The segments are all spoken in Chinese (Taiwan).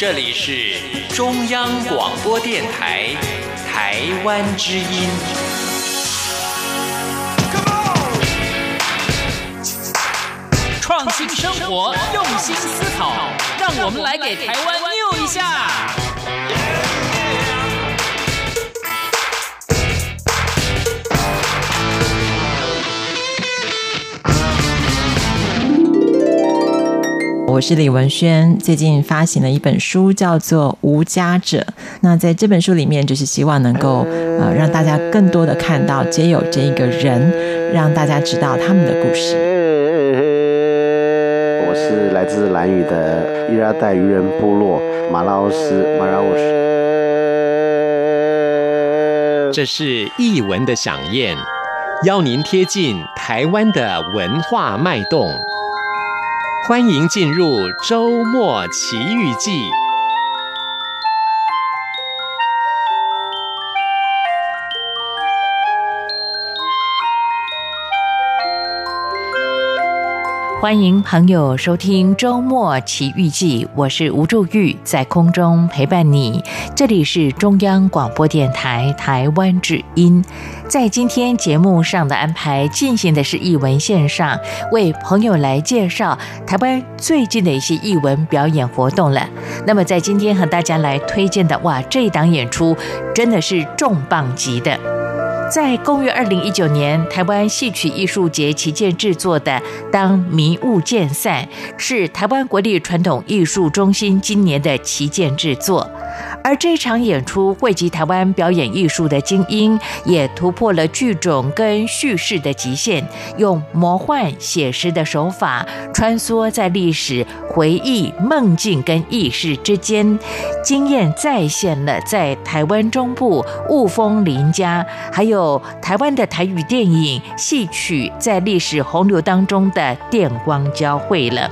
這裡是中央廣播電台台灣之音。Come on! 創新生活，用心思考，讓我們來給台灣 new 一下。我是李文軒，最近發行了一本書，叫做《無家者》。那在這本書裡面，就是希望能夠呃讓大家更多的看到街友這一個人，讓大家知道他們的故事。我是來自蘭嶼的伊拉代漁人部落馬拉奧斯馬拉奧斯。這是藝文的饗宴，邀您貼近台灣的文化脈動。歡迎進入《周末奇遇記》。歡迎朋友收聽《週末奇遇記》，我是吳祝玉，在空中陪伴你。這裡是中央廣播電臺臺灣之音。在今天節目上的安排進行的是藝文線上，為朋友來介紹臺灣最近的一些藝文表演活動了。那麼，在今天和大家來推薦的，哇，這一檔演出真的是重磅級的。在公元二零一九年，台灣戲曲藝術節旗艦制作的《當迷霧漸散》，是台灣國立傳統藝術中心今年的旗艦制作。而這場演出匯集台灣表演藝術的精英，也突破了劇種跟敘事的極限，用魔幻寫實的手法穿梭在歷史、回憶、夢境跟意識之間，驚豔再現了在台灣中部霧峰林家，還有台灣的台語電影、戲曲在歷史洪流當中的電光交匯了。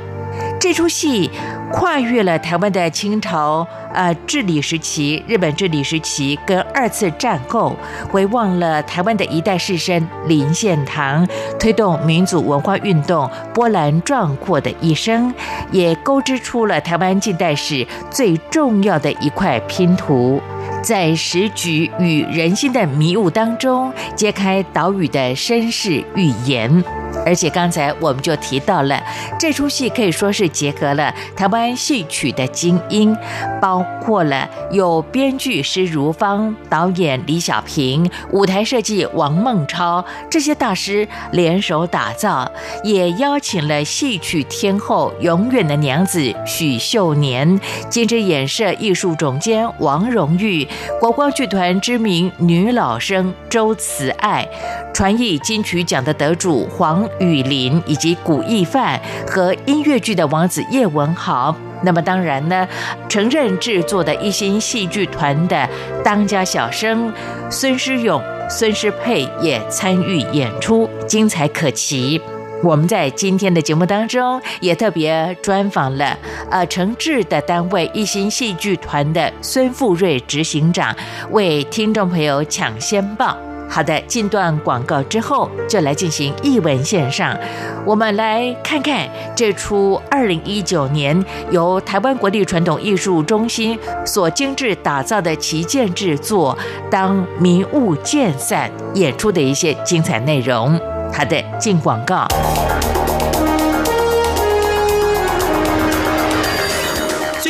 這出戲。跨越了台灣的清朝、呃治理時期、日本治理時期跟二次戰後，回望了台灣的一代士紳林獻堂推動民族文化運動波瀾壯闊的一生，也勾織出了台灣近代史最重要的一塊拼圖，在時局與人心的迷霧當中揭開島嶼的身世預言。而且剛才我們就提到了，這出戲可以說是結合了台灣。戲曲的精英，包括了有編劇施如芳、導演李小平、舞台設計王孟超這些大師聯手打造，也邀請了戲曲天後、永遠的娘子許秀年、金枝演社藝術總監王榮裕、國光劇團知名女老生鄒慈愛、傳藝金曲獎的得主黃宇琳以及古翊汎和音樂劇的王子葉文豪。那麼當然呢，承任製作的一心戲劇團的當家小生孫詩詠、孫詩珮也參與演出，精彩可期。我們在今天的節目當中也特別專訪了呃，承製的單位一心戲劇團的孫富瑞執行長，為聽眾朋友搶先報。好的，進段廣告之後，就來進行藝文獻上。我們來看看這出二零一九年由台灣國立傳統藝術中心所精致打造的旗艦制作《當迷霧漸散》演出的一些精彩內容。它的進廣告。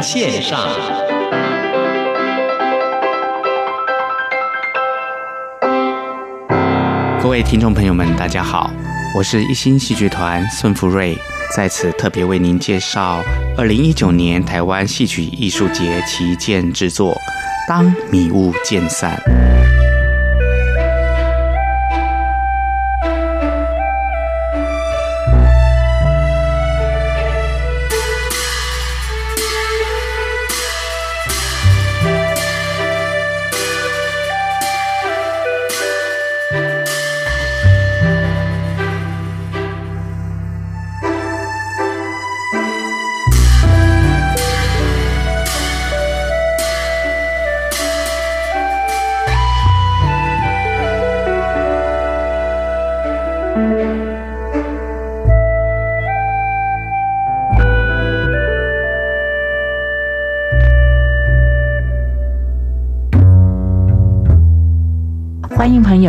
線上，各位聽眾朋友們，大家好，我是一心戲劇團孫福瑞，在此特別為您介紹二零一九年台灣戲曲藝術節旗艦製作《當迷霧漸散》。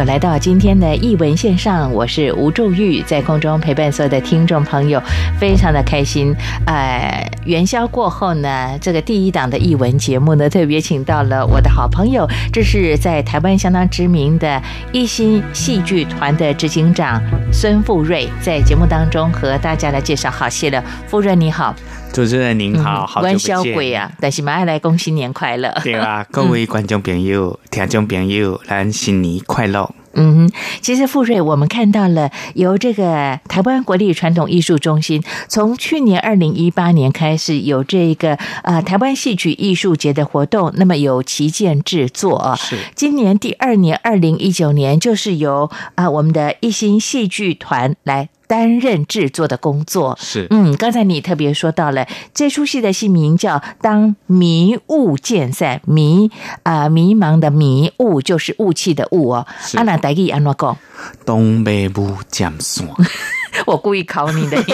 來到今天的藝文線上，我是吳祝玉，在空中陪伴所有的聽眾朋友，非常的開心。呃，元宵過後呢，這個第一檔的藝文節目呢，特別請到了我的好朋友，這是在台灣相當知名的一心戲劇團的執行長孫富瑞，在節目當中和大家來介紹好戲了。富瑞你好。主持人您好，嗯、好歡迎小鬼啊，但是馬上來，恭喜新年快樂。對啊，各位觀眾朋友、嗯、聽眾朋友，來新年快樂。嗯，其實富瑞，我們看到了由這個臺灣國立傳統藝術中心，從去年二零一八年開始有這個、呃、臺灣戲曲藝術節的活動，那麼有旗艦製作啊。是，今年第二年二零一九年，就是由啊、呃、我們的一心戲劇團來。擔任製作的工作是，嗯，剛才你特別說到了這出戲的戲名叫《當迷霧漸散》，迷啊、呃，迷茫的迷霧就是霧氣的霧哦。啊，大家怎麼說？東北霧漸散。 我故意考你的，意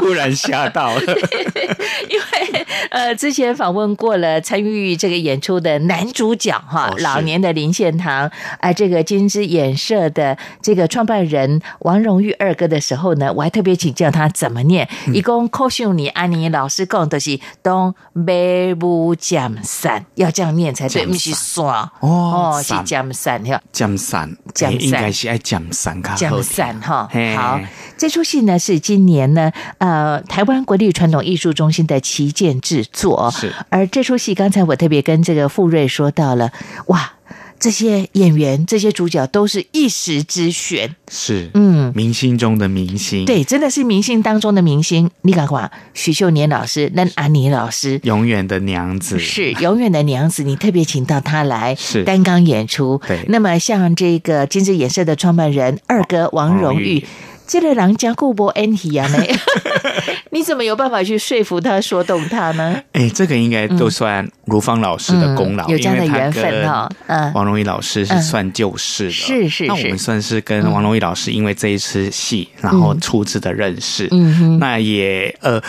突然嚇到了。因為呃，之前訪問過了參與這個演出的男主角哈，哦、老年的林獻堂，哎、啊，這個金枝演社的這個創辦人王榮裕二哥的時候呢，我還特別請教他怎麼念，一共考秀你安妮老師講的，就是當迷霧漸散要這樣念才對，不是散哦，哦，是漸散，漸散，漸散應該是要漸散卡，漸散哈，好這。這出戲呢是今年呢，呃，台灣國立傳統藝術中心的旗艦制作。是，而這出戲剛才我特別跟這個富瑞說到了，哇，這些演員、這些主角都是一時之選。是，嗯，明星中的明星。對，真的是明星當中的明星。你看看，許秀年老師，那安妮老師，永遠的娘子，是永遠的娘子。你特別請到他來擔綱演出。對。那麼像這個金枝演社的創辦人二哥王榮裕王玉。這個人家固博恩熙啊，沒 你怎麼有辦法去說服他，說動他呢？哎、欸，這個應該都算如芳老師的功勞，嗯嗯，有這樣的緣分哦。嗯，王榮裕老師是算舊識的、嗯嗯，是是是。我們算是跟王榮裕老師因為這一次戲，嗯、然後初次的認識。嗯哼，那也呃，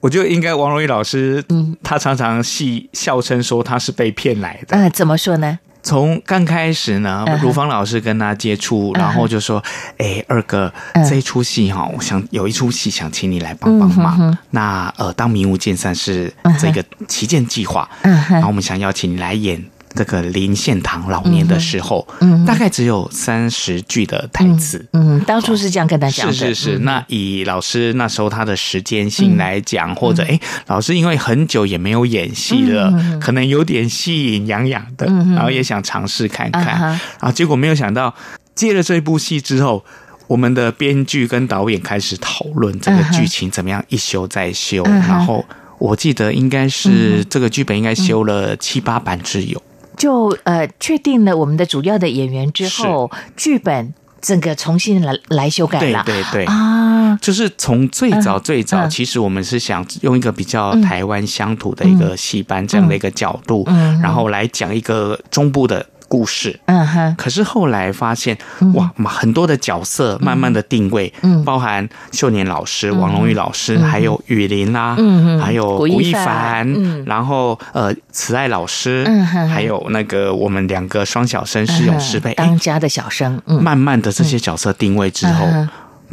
我覺得應該王榮裕老師，嗯、他常常戲笑稱說他是被騙來的。嗯，怎麼說呢？從剛開始呢，如芳老師跟他接觸，嗯、哼然後就說：“哎，二哥，這一出戲哈，嗯、我想有一出戲想請你來幫幫忙。嗯、哼哼那呃，當迷霧漸散是這個旗艦計劃，嗯、哼然後我們想邀請你來演。嗯哼”這個林獻堂老年的時候，嗯、哼大概只有三十句的台詞嗯。嗯，當初是這樣跟他講的。是是是。那以老師那時候他的時間性來講，嗯、或者哎，老師因為很久也沒有演戲了，嗯、哼可能有點戲癮癢癢的，嗯、哼然後也想嘗試看看。啊、嗯哼，結果沒有想到接了這部戲之後，我們的編劇跟導演開始討論這個劇情怎麼樣，一修再修。嗯、哼然後我記得應該是、嗯、哼這個劇本應該修了七八版之久。就呃，確定了我們的主要的演員之後，劇是本整個重新來來修改了。對對對啊，就是從最早最早，嗯、其實我們是想用一個比較台灣鄉土的一個戲班這樣的一個角度，嗯嗯嗯、然後來講一個中部的。故事，嗯哼，可是後來發現，哇，很多的角色慢慢的定位，嗯，包含秀年老師、王榮裕老師，還有宇琳啦，嗯哼，還有古翊汎，然後呃，慈愛老師，嗯哼，還有那個我們兩個雙小生是有詩珮，當家的小生，慢慢的這些角色定位之後，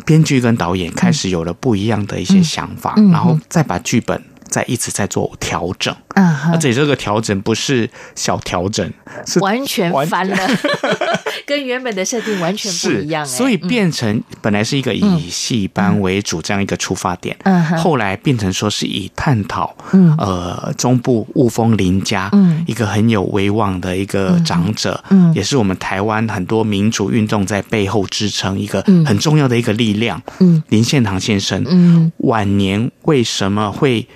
編劇跟導演開始有了不一樣的一些想法，然後再把劇本。在一直在做調整，uh huh. 而且這個調整不是小調整，是完，完全翻了， 跟原本的設定完全不一樣、欸。所以變成本來是一個以戲班為主這樣一個出發點，uh huh. 後來變成說是以探討，呃，中部霧峰林家，嗯、uh，huh. 一個很有威望的一個長者，嗯、uh，huh. 也是我們台灣很多民主運動在背後支撐一個很重要的一個力量，嗯、uh，huh. 林獻堂先生，嗯、uh，huh. 晚年為什麼會？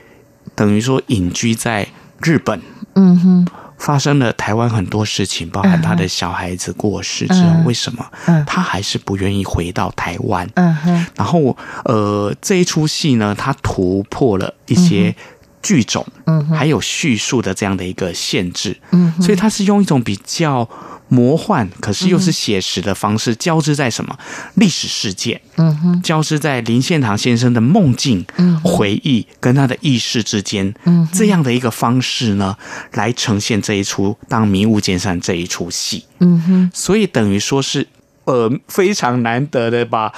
等於說隱居在日本，嗯哼，發生了台灣很多事情，包含他的小孩子過世之後，嗯哼，為什麼，嗯，他還是不願意回到台灣，嗯哼，然後呃這一出戲呢，他突破了一些劇種，嗯哼，還有敘述的這樣的一個限制，嗯哼，所以他是用一種比較。魔幻，可是又是寫實的方式、嗯、哼交織在什麼歷史事件？嗯哼，交織在林獻堂先生的夢境、嗯哼回憶跟他的意識之間，嗯哼，這樣的一個方式呢，來呈現這一出《當迷霧漸散》這一出戲。嗯哼，所以等於說是，呃，非常難得的把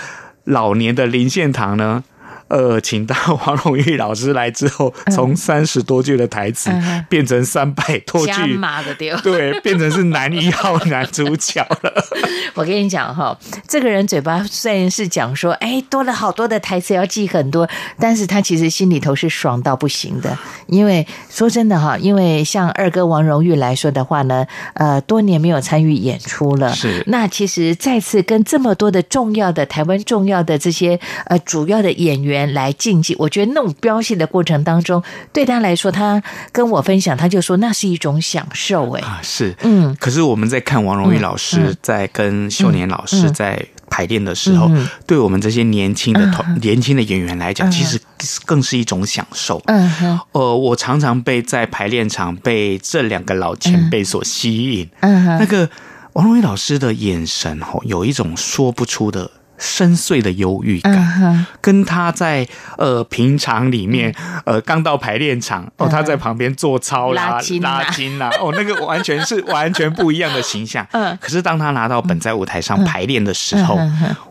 老年的林獻堂呢。呃，請到王榮裕老師來之後，從三十多句的台詞變成三百多句，嗯嗯、對，變成是男一號男主角了。 我跟你講哈，這個人嘴巴雖然是講說，哎、欸，多了好多的台詞要記很多，但是他其實心裡頭是爽到不行的。因為說真的哈，因為像二哥王榮裕來說的話呢，呃，多年沒有參與演出了，是那其實再次跟這麼多的重要的台灣重要的這些呃主要的演員。來競技，我覺得那種飆戲的過程當中，對他來說，他跟我分享，他就說那是一種享受、欸。哎、啊，啊是，嗯。可是我們在看王榮裕老師在跟秀年老師在排練的時候，嗯嗯嗯嗯、對我們這些年輕的、嗯、年輕的演員來講，嗯、其實更是一種享受。嗯哼，嗯嗯呃，我常常被在排練場被這兩個老前輩所吸引。嗯哼，嗯嗯嗯那個王榮裕老師的眼神哦，有一種說不出的。深邃的憂鬱感，跟他在呃平常裡面，呃剛到排練場哦，他在旁邊做操啦、拉筋啦，哦那個完全是完全不一樣的形象。嗯，可是當他拿到本在舞台上排練的時候，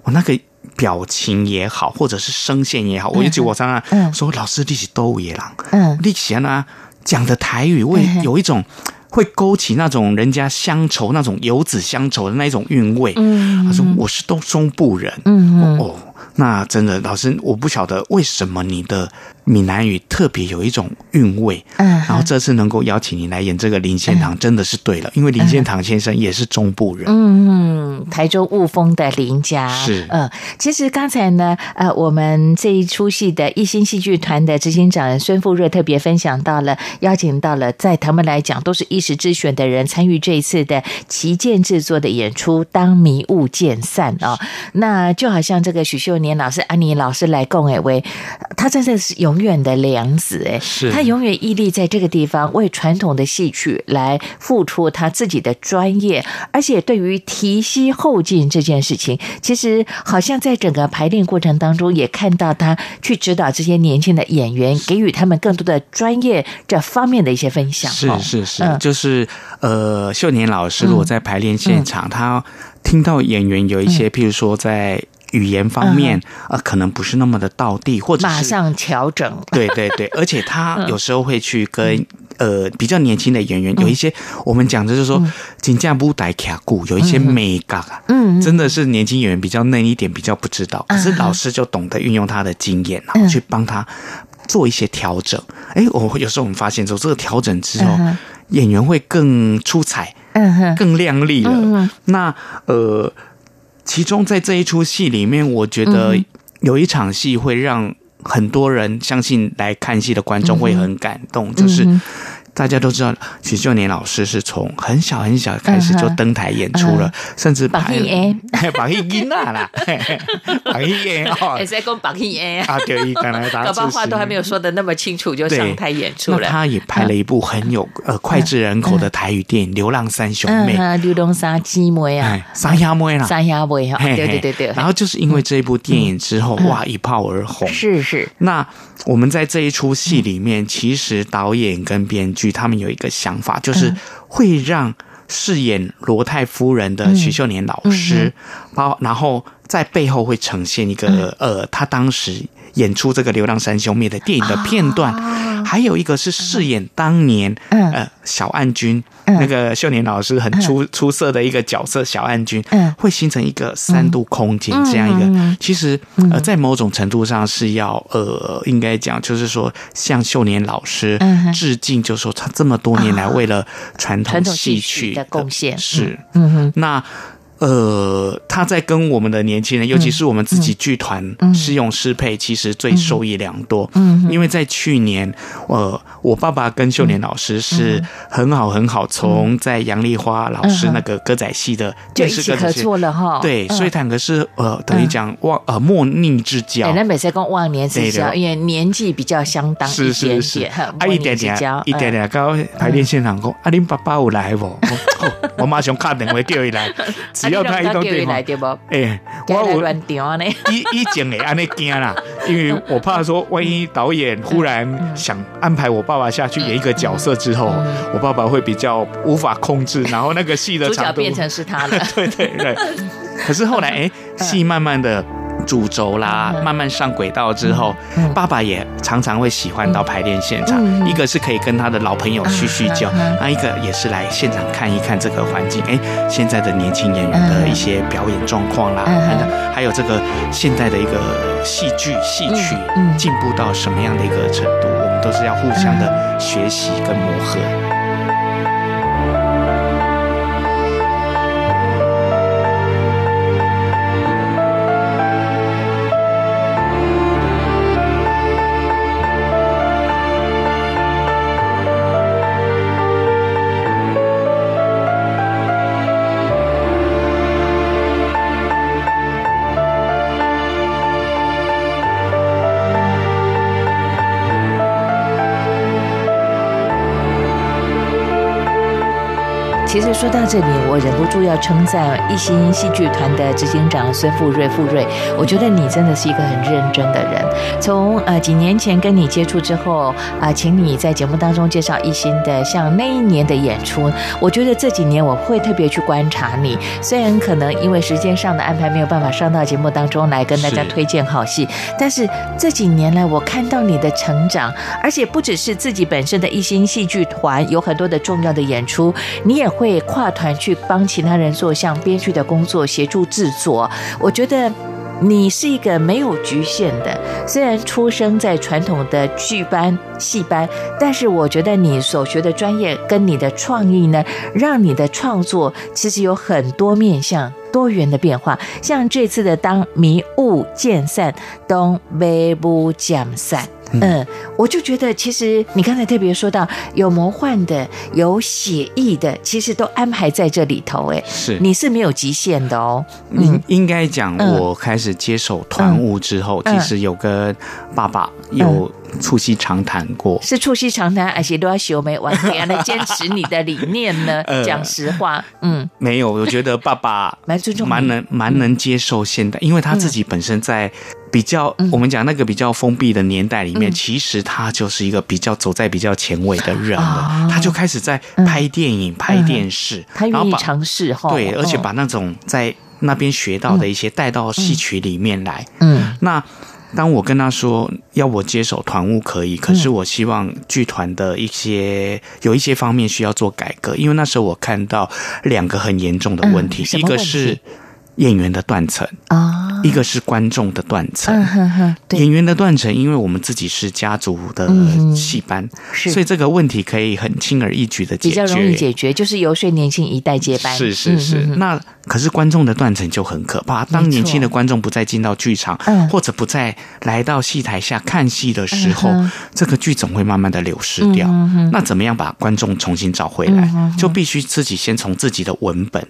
我那個表情也好，或者是聲線也好，我就舉我在那說老師立起都野狼，嗯，立呢講的台語，會有一種。會勾起那種人家鄉愁，那種遊子鄉愁的那種韻味。他說：“我是東中部人。嗯哼”哦，那真的，老師，我不曉得為什麼你的。閩南語特別有一種韻味，嗯，然後這次能夠邀請你來演這個林獻堂，真的是對了，嗯，因為林獻堂先生也是中部人，嗯，臺中霧峰的林家是，嗯，其實剛才呢，呃，我們這一出戲的一心戲劇團的執行長孫富瑞特別分享到了，邀請到了在他們來講都是一時之選的人參與這一次的旗艦製作的演出，當迷霧漸散是哦，那就好像這個許秀年老師、安妮老師來共誒威，他真的是有。永遠，遠的梁子哎，他永遠屹立在這個地方，為傳統的戲曲來付出他自己的專業，而且對於提攜後進這件事情，其實好像在整個排練過程當中也看到他去指導這些年輕的演員，是給予他們更多的專業這方面的一些分享。是是是，就是呃，秀年老師我在排練現場，嗯嗯、他聽到演員有一些，譬如說在、嗯。語言方面，呃，可能不是那麼的到地，或者是馬上調整。 對對對，而且他有時候會去跟呃比較年輕的演員，嗯、有一些我們講的就是說“緊架不逮卡固”，有一些美感。嗯哼，真的是年輕演員比較嫩一點，比較不知道，嗯、哼可是老師就懂得運用他的經驗，然後去幫他做一些調整。誒、嗯欸、我有時候我們發現說，這個調整之後，嗯、哼演員會更出彩，嗯、哼更亮麗了。嗯、哼那呃。其中，在這一出戲裡面，我覺得有一場戲會讓很多人相信來看戲的觀眾會很感動，嗯哼，就是。大家都知道，許秀年老師是從很小很小開始就登台演出了，甚至拍，白一煙啦，白一煙哦，還在講白一煙啊，一爸話都還沒有說得那麼清楚，就上台演出了。他也拍了一部很有呃膾炙人口的台語電影《流浪三兄妹》，流浪三姐妹啊，三亞妹啦，三亞妹啊，對對對對。然後就是因為這一部電影之後，哇，一炮而紅，是是。那我們在這一出戲裡面，其實導演跟編劇。他們有一個想法，就是會讓飾演羅太夫人的許秀年老師。嗯嗯嗯然後在背後會呈現一個呃，他當時演出這個《流浪三兄妹》的電影的片段，啊、還有一個是飾演當年呃小暗君，嗯、那個秀年老師很出，嗯、出色的一個角色小暗君，嗯、會形成一個三度空間這樣一個，嗯嗯嗯、其實呃在某種程度上是要呃應該講就是說向秀年老師致敬，就是說他這麼多年來為了傳統，啊、傳統戲曲的貢獻是，嗯哼、嗯嗯、那。呃，他在跟我們的年輕人，尤其是我們自己劇團試用適配，其實最受益良多。嗯，因為在去年，呃，我爸爸跟秀年老師是很好很好，從在楊麗花老師那個歌仔戲的就一起合作了哈。對，所以他們是呃等於講忘呃莫逆之交。奶奶每次跟我忘年之交，因為年紀比較相當一點點，啊一點點，一點點。剛剛排練現場說：“阿林爸爸有來不，我馬上看兩位叫你來。”只要拍一段電影嗎？哎，我我亂調呢，一一整，誒，安尼驚啊，因為我怕說，萬一導演忽然想安排我爸爸下去演一個角色之後，嗯嗯、我爸爸會比較無法控制，然後那個戲的主角變成是他了。對對對，對，可是後來，哎、欸，戲慢慢的。主軸啦，慢慢上軌道之後，嗯、爸爸也常常會喜歡到排練現場。嗯、一個是可以跟他的老朋友敘敘舊，嗯嗯嗯、那一個也是來現場看一看這個環境。哎、欸，現在的年輕演員的一些表演狀況啦，嗯嗯、還有這個現在的一個戲劇戲曲進步到什麼樣的一個程度，我們都是要互相的學習跟磨合。說到這裡，我忍不住要稱讚一心戲劇團的執行長孫富瑞。富瑞，我覺得你真的是一個很認真的人。從呃幾年前跟你接觸之後啊，請你在節目當中介紹一心的，像那一年的演出。我覺得這幾年我會特別去觀察你，雖然可能因為時間上的安排沒有辦法上到節目當中來跟大家推薦好戲，是但是這幾年來我看到你的成長，而且不只是自己本身的一心戲劇團有很多的重要的演出，你也會。跨團去幫其他人做像編劇的工作，協助製作。我覺得你是一個沒有局限的，雖然出生在傳統的劇班戲班，但是我覺得你所學的專業跟你的創意呢，讓你的創作其實有很多面向多元的變化。像這次的當迷霧漸散，東微步漸散。嗯，我就覺得其實你剛才特別說到有魔幻的、有寫意的，其實都安排在這裡頭、欸。哎，是，你是沒有極限的哦。應應該講，我開始接手團務之後，嗯嗯、其實有跟爸爸有促膝長談過，是促膝長談，而且都要學沒完，全，還能堅持你的理念呢？ 呃、講實話，嗯，沒有，我覺得爸爸蠻尊重，蠻能蠻能接受現代，嗯、因為他自己本身在。比較，我們講那個比較封閉的年代裡面，嗯、其實他就是一個比較走在比較前衛的人了，哦，他就開始在拍電影，嗯、拍電視，拍意然後把，嘗試、哦、對，而且把那種在那邊學到的一些帶到戲曲裡面來。嗯，嗯那當我跟他說要我接手團務可以，可是我希望劇團的一些、嗯、有一些方面需要做改革，因為那時候我看到兩個很嚴重的問題，嗯、什麼問題？一個是演員的斷層啊。哦一個是觀眾的斷層，演員的斷層，因為我們自己是家族的戲班，所以這個問題可以很輕而易舉的解決。比較容易解決，就是遊說年輕一代接班。是是是。那可是觀眾的斷層就很可怕，當年輕的觀眾不再進到劇場，或者不再來到戲臺下看戲的時候，這個劇總會慢慢的流失掉。那怎麼樣把觀眾重新找回來？就必須自己先從自己的文本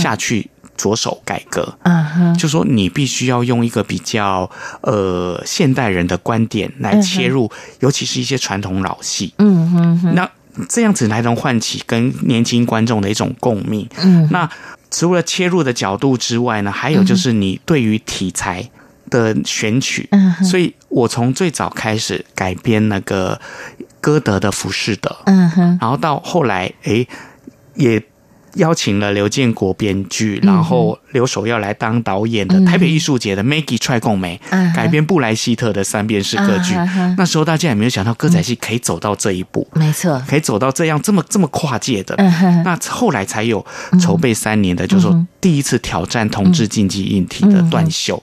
下去。着手改革，嗯哼、uh，huh. 就說你必須要用一個比較呃現代人的觀點來切入，uh huh. 尤其是一些傳統老戲，嗯哼、uh，huh. 那這樣子才能喚起跟年輕觀眾的一種共鳴，嗯、uh，huh. 那除了切入的角度之外呢，還有就是你對於題材的選取，嗯哼、uh，huh. 所以我從最早開始改編那個歌德的浮士德，嗯哼、uh，huh. 然後到後來，誒，也。邀請了劉建國編劇，然後劉守曜來當導演的台北藝術節的 Maggie 踹共沒改編布萊希特的三便士歌劇。那時候大家也沒有想到歌仔戲可以走到這一步，沒錯，可以走到這樣這麼這麼跨界的。那後來才有籌備三年的，就是說第一次挑戰同志禁忌議題的斷袖。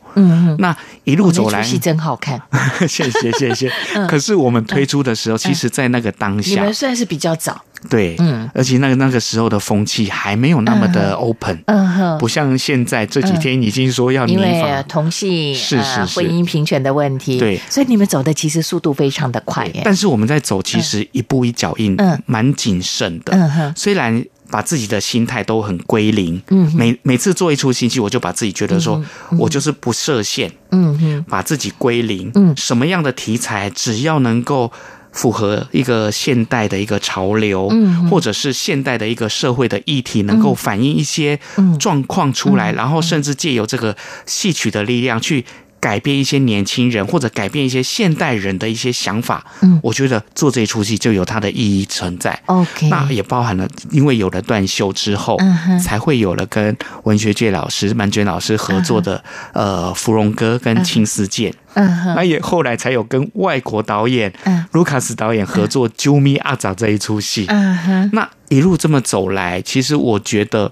那一路走來戲真好看，謝謝謝謝。可是我們推出的時候，其實，在那個當下，你們算是比較早。對，嗯，而且那個那個時候的風氣還沒有那麼的 open，嗯哼，不像現在這幾天已經說要立法同性，是是婚姻平權的問題，對，所以你們走的其實速度非常的快，耶，但是我們在走其實一步一腳印，嗯，蠻謹慎的，嗯哼，雖然把自己的心態都很歸零，嗯，每每次做一出新戲，我就把自己覺得說，我就是不設限，嗯哼，把自己歸零，嗯，什麼樣的題材只要能夠。符合一個現代的一個潮流，或者是現代的一個社會的議題，能夠反映一些狀況出來，然後甚至借由這個戲曲的力量去。改變一些年輕人或者改變一些現代人的一些想法，嗯，我覺得做這一出戲就有它的意義存在。OK，那也包含了，因為有了斷袖之後，uh huh. 才會有了跟文學界老師曼娟老師合作的、uh huh. 呃《芙蓉歌》跟、uh《青絲劍》，那也後來才有跟外國導演盧、uh huh. 卡斯導演合作《啾咪阿掌》這一出戲，uh huh. 那一路這麼走來，其實我覺得。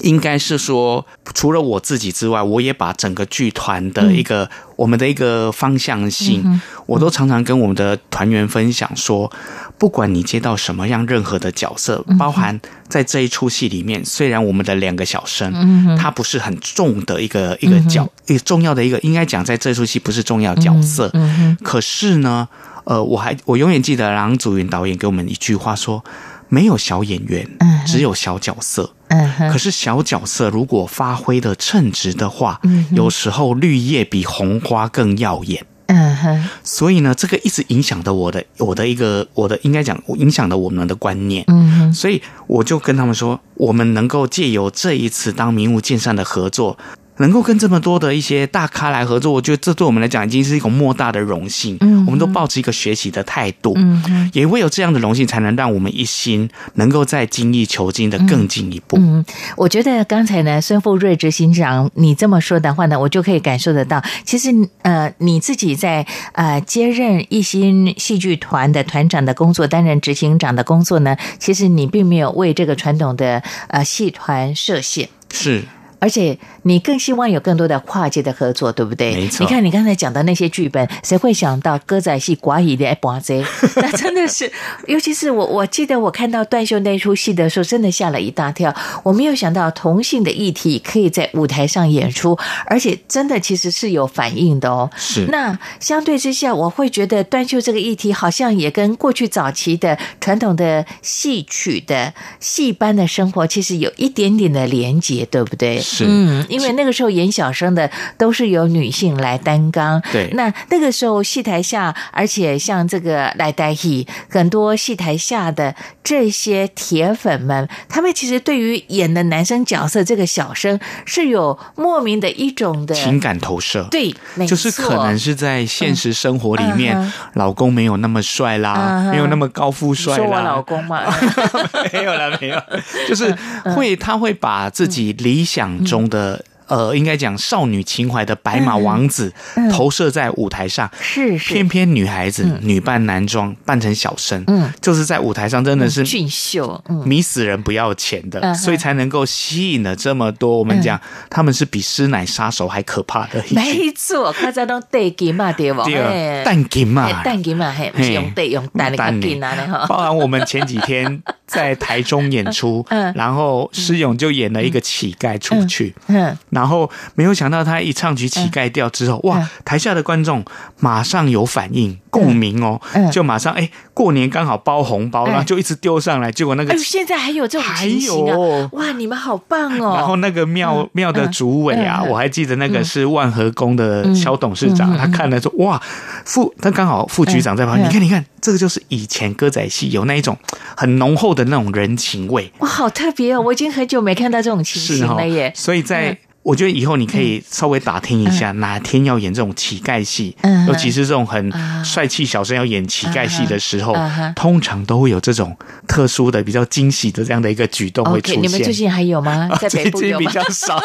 應該是說，除了我自己之外，我也把整個劇團的一個、嗯、我們的一個方向性，嗯嗯、我都常常跟我們的團員分享說，不管你接到什麼樣任何的角色，嗯、哼包含在這一出戲裡面，雖然我們的兩個小生，嗯哼，他不是很重的一個、嗯、哼一個角，重要的一個，應該講在這一出戲不是重要角色，嗯，嗯，可是呢，呃，我還我永遠記得郎祖筠導演給我們一句話說。沒有小演員，只有小角色。Uh huh. 可是小角色如果發揮的稱職的話，uh huh. 有時候綠葉比紅花更耀眼。Uh huh. 所以呢，這個一直影響的我的我的一個我的應該講影響的我們的觀念。Uh huh. 所以我就跟他們說，我們能夠借由這一次當迷霧漸散的合作。能夠跟這麼多的一些大咖來合作，我覺得這對我們來講已經是一種莫大的榮幸。嗯哼，我們都抱持一個學習的態度。嗯嗯哼，也唯有這樣的榮幸，才能讓我們一心能夠在精益求精的更進一步嗯。嗯，我覺得剛才呢，孫富瑞執行長你這麼說的話呢，我就可以感受得到，其實呃，你自己在呃接任一心戲劇團的團長的工作，擔任執行長的工作呢，其實你並沒有為這個傳統的呃戲團設限。是。而且你更希望有更多的跨界的合作，對不對？沒錯。你看你剛才講的那些劇本，誰會想到歌仔戲寡女的阿婆這那真的是，尤其是我，我記得我看到斷袖那出戲的時候，真的嚇了一大跳。我沒有想到同性的議題可以在舞台上演出，而且真的其實是有反應的哦。是。那相對之下，我會覺得斷袖這個議題好像也跟過去早期的傳統的戲曲的戲班的生活，其實有一點點的連結，對不對？是嗯，因為那個時候演小生的都是由女性來擔綱。對，那那個時候戲臺下，而且像這個內台戲，很多戲臺下的這些鐵粉們，他們其實對於演的男生角色這個小生是有莫名的一種的情感投射。對，錯就是可能是在現實生活裡面，嗯嗯、老公沒有那麼帥啦，嗯、沒有那麼高富帥啦。啦是我老公嘛？ 沒有了，沒有，就是會，嗯、他會把自己理想中的。呃，應該講少女情懷的白馬王子投射在舞台上，是，是，偏偏女孩子女扮男裝，扮成小生，嗯，就是在舞台上真的是俊秀，迷死人不要錢的，所以才能夠吸引了這麼多。我們講他們是比師奶殺手還可怕的，沒錯，他在當蛋雞嘛，蛋王，蛋雞嘛，蛋雞嘛，嘿，用蛋用蛋的蛋呢，包含我們前幾天在台中演出，嗯，然後詩詠就演了一個乞丐出去，嗯，然後沒有想到，他一唱起乞丐調之後，哇！台下的觀眾馬上有反應、共鳴哦，就馬上哎，過年剛好包紅包，然後就一直丟上來。結果那個、哎、現在還有這種情形、啊、還有，哇，你們好棒哦！然後那個廟廟的主委啊，我還記得那個是萬和宮的蕭董事長，他看了說：“哇，副……他剛好副局長在旁，哎、你看，你看，這個就是以前歌仔戲有那一種很濃厚的那種人情味。”哇，好特別哦！我已經很久沒看到這種情形了耶。哦、所以在、嗯我覺得以後你可以稍微打聽一下，哪天要演這種乞丐戲，嗯嗯、尤其是這種很帥氣小生要演乞丐戲的時候，嗯嗯嗯嗯、通常都會有這種特殊的、比較驚喜的這樣的一個舉動會出現。Okay, 你們最近還有嗎？在北部有嗎？最近比較少。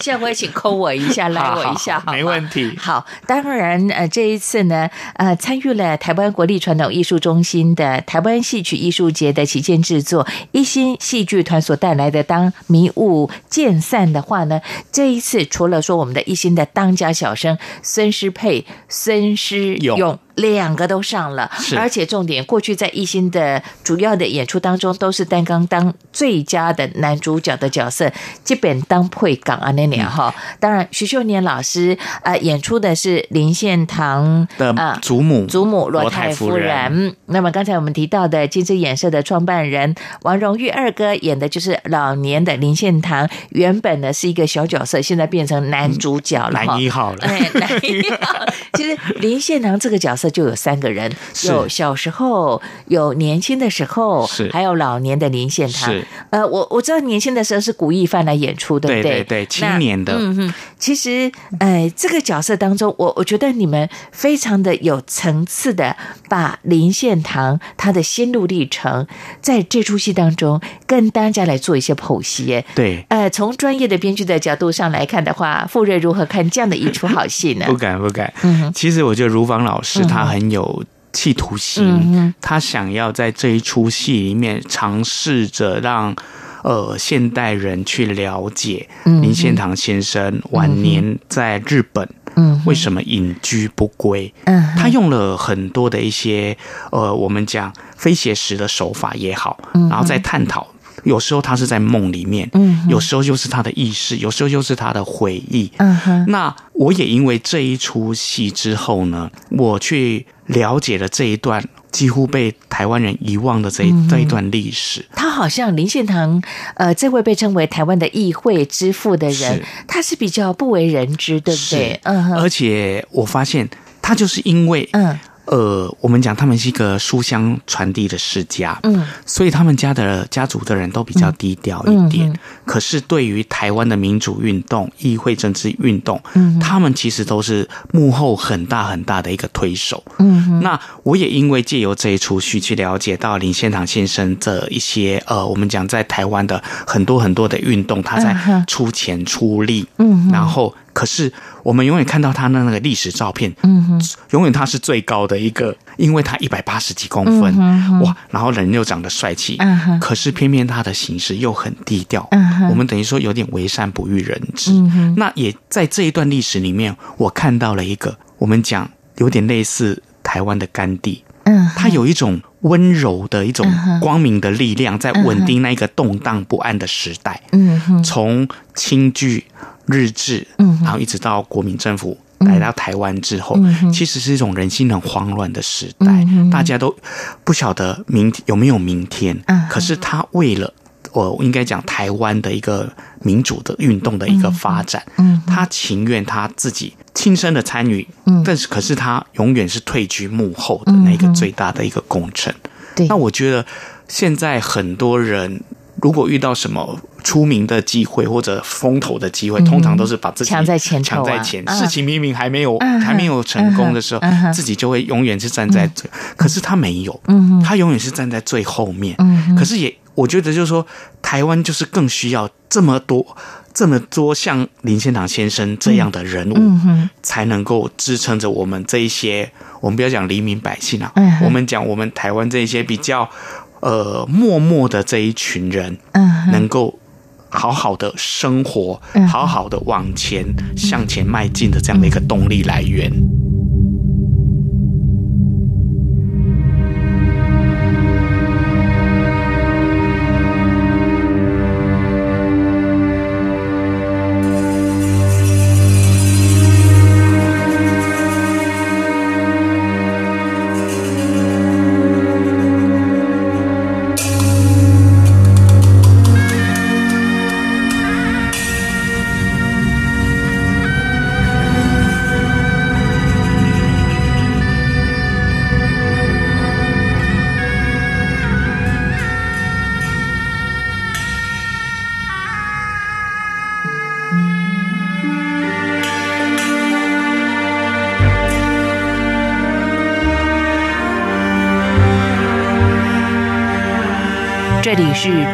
下回請扣我一下，拉 我一下好好吧沒問題。好，當然，呃，這一次呢，呃，參與了台灣國立傳統藝術中心的台灣戲曲藝術節的旗艦制作——一心戲劇團所帶來的《當迷霧漸散的》。話呢，這一次除了說我們的一心的當家小生孫詩珮、孫詩詠。兩個都上了，是而且重點，過去在一心的主要的演出當中，都是擔綱當最佳的男主角的角色，基本當配角啊。那年哈，當然許秀年老師啊、呃，演出的是林獻堂的祖母、啊、祖母羅太夫人、夫人。那麼剛才我們提到的金枝演社的創辦人王榮裕二哥演的就是老年的林獻堂，原本呢是一個小角色，現在變成男主角了，嗯、男一號了。嗯、男一號， 其實林獻堂這個角色。就有三個人，是有小時候，有年輕的時候，是還有老年的林獻堂。是呃，我我知道年輕的時候是古翊汎來演出，對不對？對，對，對，青年的。那嗯嗯哼。其實、呃，這個角色當中，我我覺得你們非常的有層次的，把林獻堂他的心路歷程，在這出戲當中跟大家來做一些剖析。對。呃，從專業的編劇的角度上來看的話，傅瑞如何看這樣的一出好戲呢？ 不敢不敢。其實我覺得如芳老師他。嗯他很有企圖心，嗯、哼他想要在這一出戲裡面嘗試着讓呃現代人去了解林獻堂先生晚年在日本，為什麼隱居不歸？嗯、哼他用了很多的一些呃，我們講非寫實的手法也好，然後再探討。嗯有時候他是在夢裡面，嗯、哼有時候就是他的意識，有時候就是他的回憶。嗯、哼那我也因為這一出戲之後呢，我去了解了這一段幾乎被台灣人遺忘的這一這一段歷史，嗯。他好像林獻堂，呃，這位被稱為台灣的議會之父的人，是他是比較不為人知，對不對？是嗯哼，而且我發現他就是因為嗯。呃，我們講他們是一個書香傳遞的世家，嗯，所以他們家的家族的人都比較低調一點。嗯嗯可是，對於台灣的民主運動、議會政治運動，嗯、哼他們其實都是幕後很大很大的一個推手。嗯哼，那我也因為借由這一出戲去,去了解到林獻堂先生的一些呃，我們講在台灣的很多很多的運動，他在出錢出力。嗯哼，然後可是我們永遠看到他的那個歷史照片，嗯，永遠他是最高的一個。因為他一百八十幾公分，嗯、哼哼哇！然後人又長得帥氣，嗯、哼可是偏偏他的行事又很低調。嗯、哼我們等於說有點為善不欲人知。嗯、哼那也在這一段歷史裡面，我看到了一個我們講有點類似台灣的甘地。嗯、哼他有一種溫柔的一種光明的力量，嗯、哼在穩定那一個動盪不安的時代。嗯、哼從清劇日治，然後一直到國民政府。嗯來到台灣之後，嗯、哼其實是一種人心很慌亂的時代，嗯、哼大家都不曉得明天有沒有明天。嗯、哼可是他為了，我應該講台灣的一個民主的運動的一個發展，嗯哼，他情願他自己親身的參與，嗯哼，但是可是他永遠是退居幕後的那個最大的一個功臣。對、嗯哼，那我覺得現在很多人。如果遇到什麼出名的機會或者風頭的機會，通常都是把自己搶在前，嗯、搶在前頭、啊。事情明明還沒有、啊、還沒有成功的時候，啊啊啊、自己就會永遠是站在最。嗯、可是他沒有，嗯嗯、他永遠是站在最後面。嗯嗯、可是也，我覺得就是說，台灣就是更需要這麼多這麼多像林獻堂先生這樣的人物，嗯嗯嗯、才能夠支撐着我們這一些。我們不要講黎民百姓啊，嗯嗯、我們講我們台灣這一些比較。呃，默默的這一群人，嗯、uh-huh. 能夠好好的生活，好好的往前、uh-huh. 向前邁進的這樣的一個動力來源。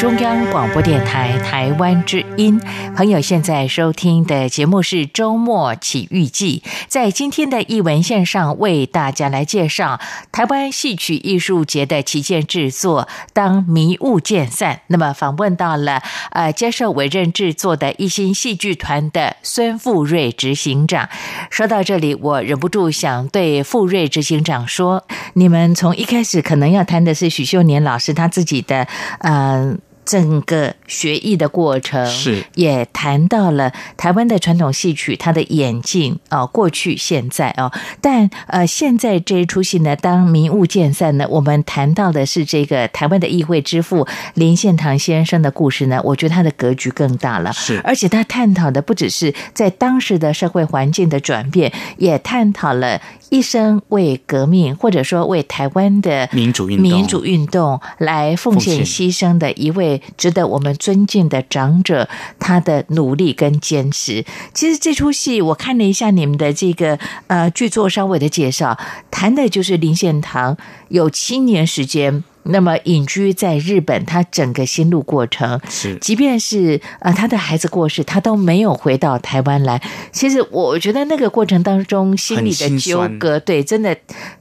中央廣播電台台灣之音，朋友現在收聽的節目是《週末奇遇記》，在今天的藝文線上為大家來介紹台灣戲曲藝術節的旗艦製作。當迷霧漸散，那麼訪問到了呃，接受委任製作的一心戲劇團的孫富瑞執行長。說到這裡，我忍不住想對富瑞執行長說：你們從一開始可能要談的是許秀年老師他自己的嗯。呃整個學藝的過程是，也談到了台灣的傳統戲曲它的演進啊、哦，過去現在啊、哦，但呃，現在這一出戲呢，當迷霧漸散呢，我們談到的是這個台灣的議會之父林獻堂先生的故事呢，我覺得他的格局更大了，是，而且他探討的不只是在當時的社會環境的轉變，也探討了。一生為革命，或者說為台灣的民主運動、民主運動來奉獻犧牲的一位值得我們尊敬的長者，他的努力跟堅持。其實這出戲我看了一下你們的這個呃劇作，稍微的介紹，談的就是林獻堂有七年時間。那麼隱居在日本，他整個心路過程是，即便是呃他的孩子過世，他都沒有回到台灣來。其實我覺得那個過程當中心裡的糾葛，對，真的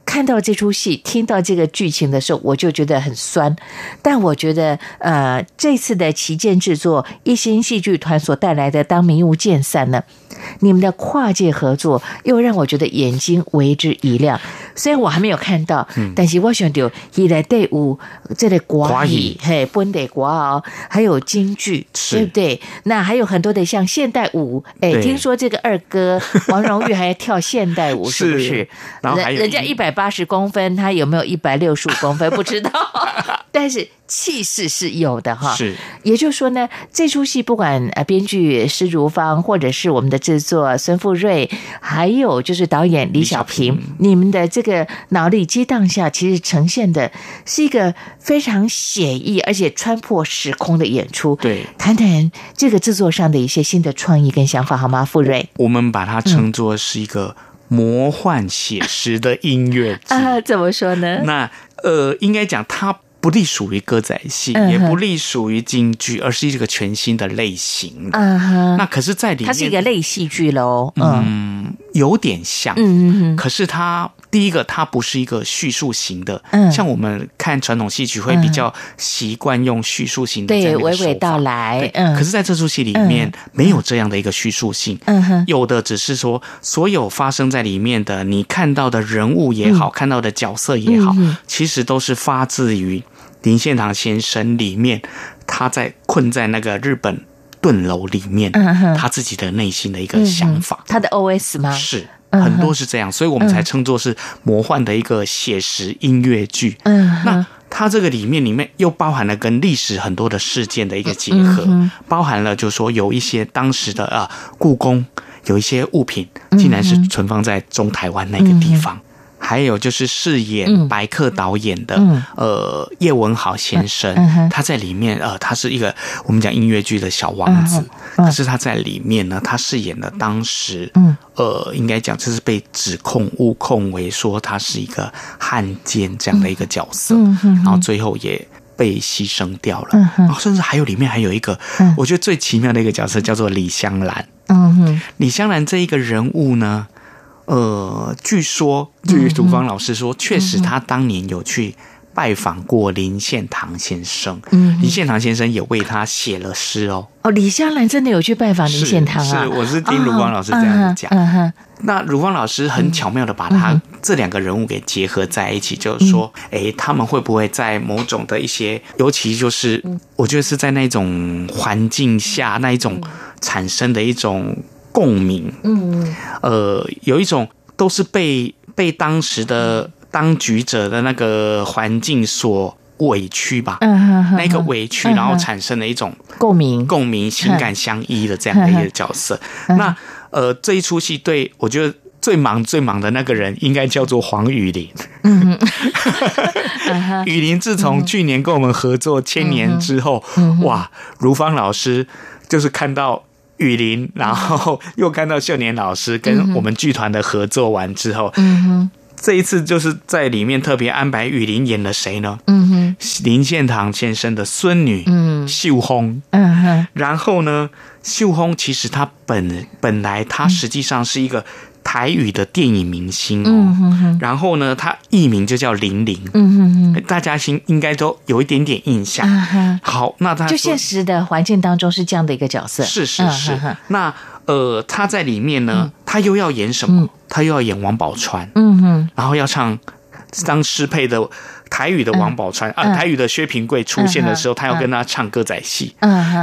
看到這出戲，聽到這個劇情的時候，我就覺得很酸。但我覺得呃這次的旗艦製作一心戲劇團所帶來的《當迷霧漸散》呢，你們的跨界合作又讓我覺得眼睛為之一亮。雖然我還沒有看到，嗯，但是我想來有以的隊伍。這類國語，語嘿，不能得國哦，還有京劇，對不對？對，那還有很多的像現代舞，哎對、欸，聽說這個二哥王榮裕還要跳現代舞， 是，是不是？人，人家一百八十公分，他有沒有一百六十五公分？不知道， 但是。氣勢是有的哈，是，也就是說呢，這出戲不管呃編劇施如芳，或者是我們的製作孫富瑞，還有就是導演李小平，小平你們的這個腦力激盪下，其實呈現的是一個非常寫意而且穿破時空的演出。對，談談這個製作上的一些新的創意跟想法好嗎？富瑞我，我們把它稱作是一個魔幻寫實的音樂劇、嗯、 啊，怎麼說呢？那呃，應該講它。他不隸屬於歌仔戲，也不隸屬於京劇，而是一個全新的類型。嗯哼。那可是，在裡面它是一個類戲劇嘍，嗯，有點像。嗯哼。可是它第一個，它不是一個敘述型的，嗯。像我們看傳統戲曲會比較習慣用敘述型的。對，娓娓道來。嗯。可是在這出戲裡面沒有這樣的一個敘述性。嗯哼。有的只是說，所有發生在裡面的，你看到的人物也好，看到的角色也好，其實都是發自於。林獻堂先生裡面，他在困在那個日本盾樓裡面，嗯、哼他自己的內心的一個想法，嗯、他的 OS 嗎？是、嗯、哼很多是這樣，所以我們才稱作是魔幻的一個寫實音樂劇。嗯哼，那他這個裡面裡面又包含了跟歷史很多的事件的一個結合，嗯、哼包含了就是說有一些當時的啊、呃、故宮有一些物品，竟然是存放在中台灣那個地方。嗯還有就是飾演白克導演的、嗯、呃葉文豪先生，嗯嗯、他在裡面呃他是一個我們講音樂劇的小王子，嗯嗯、可是他在裡面呢，他飾演的當時呃應該講這是被指控誣控為說他是一個漢奸這樣的一個角色，嗯嗯嗯嗯、然後最後也被犧牲掉了，嗯嗯、然後甚至還有裡面還有一個、嗯、我覺得最奇妙的一個角色叫做李香蘭、嗯，嗯哼，李香蘭這一個人物呢。呃，據說，據盧芳老師說，嗯、哼確實他當年有去拜訪過林獻堂先生，嗯、哼林獻堂先生也為他寫了詩哦。哦，李香蘭真的有去拜訪林獻堂啊？是，是，我是聽盧芳老師這樣講。哦、那嗯哼，那盧芳老師很巧妙的把他這兩個人物給結合在一起，嗯、哼就是說，誒，他們會不會在某種的一些，嗯、尤其就是我覺得是在那種環境下，那一種產生的一種。共鳴，嗯，呃，有一種都是被被當時的當局者的那個環境所委屈吧，uh, huh, huh, 那個委屈，然後產生了一種共鳴，uh, huh. 共鳴鳴，情感相依的這樣的一個角色。Uh, huh, huh, huh, uh, 那呃，這一出戲對我覺得最忙最忙的那個人應該叫做黃宇琳。嗯，宇琳自從去年跟我們合作《千年》之後，uh huh. uh huh. 哇，如芳老師就是看到。宇琳，然後又看到秀年老師跟我們劇團的合作完之後，嗯、哼這一次就是在裡面特別安排宇琳演了誰呢？嗯哼，林獻堂先生的孫女，嗯、秀紅。嗯哼然後呢，秀紅其實他本本來他實際上是一個。台語的電影明星哦，嗯、哼哼然後呢，他藝名就叫玲玲，嗯哼哼大家應應該都有一點點印象。嗯、哼好，那他就現實的環境當中是這樣的一個角色，是是是。嗯、哼哼那呃，他在裡面呢，他又要演什麼？嗯、他又要演王寶釧，嗯哼，然後要唱《當時配的》。台語的王寶釧啊，台語的薛平貴出現的時候，他要跟他唱歌仔戲。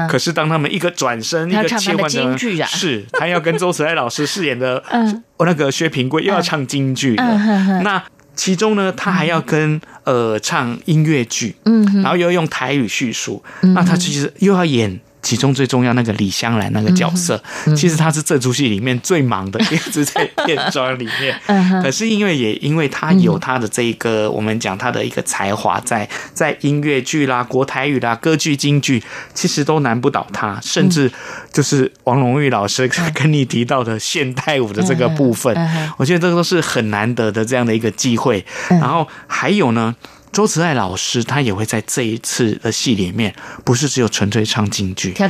可是當他們一個轉身，一個切換呢？是，他要跟鄒慈愛老師飾演的，那個薛平貴又要唱京劇了，那其中呢，他還要跟呃唱音樂劇，然後又要用台語敘述。那他其實又要演。其中最重要那個李香蘭那個角色，嗯嗯、其實他是這出戲裡面最忙的，一直、嗯、哼 在片妝裡面。可是因為也因為他有他的這個，嗯、哼我們講他的一個才華在在音樂劇啦、國台語啦、歌劇、京劇，其實都難不倒他。甚至就是王榮裕老師跟你提到的現代舞的這個部分，嗯嗯、我覺得這個都是很難得的這樣的一個機會。然後還有呢。鄒慈愛老師，他也會在這一次的戲裡面，不是只有純粹唱京劇。她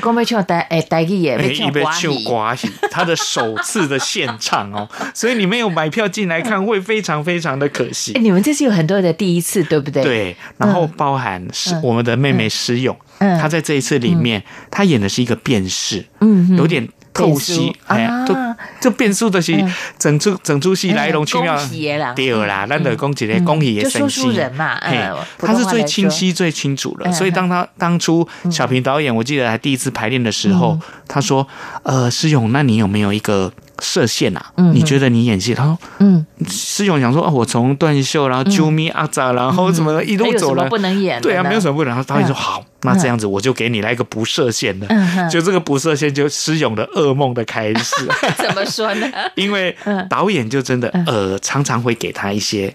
他的首次的現場哦，所以你沒有買票進來看，會非常非常的可惜，欸。你們這是有很多的第一次，對不對？對，然後包含、嗯、是我們的妹妹詩詠，她、嗯嗯嗯、在這一次裡面，她演的是一個辯士，嗯哼，有點。構思呀，就變就變速、嗯、的戲，整出整出戲來龍去脈，對啦，難得工級的工級也神奇。就說書對人嘛，哎，他是最清晰、最清楚的。所以當他當初小平導演，我記得還第一次排練的時候，嗯、他說：“呃，師勇，那你有沒有一個？”設限啊！你覺得你演戲？他說：“嗯，詩詠想說啊，我從斷袖，然後啾咪阿扎，然後怎麼一路走來，不能演對啊，沒有什麼不能。”然後導演說：“好，那這樣子我就給你來一個不設限的，就這個不設限就詩詠的噩夢的開始。怎麼說呢？因為導演就真的呃，常常會給他一些。”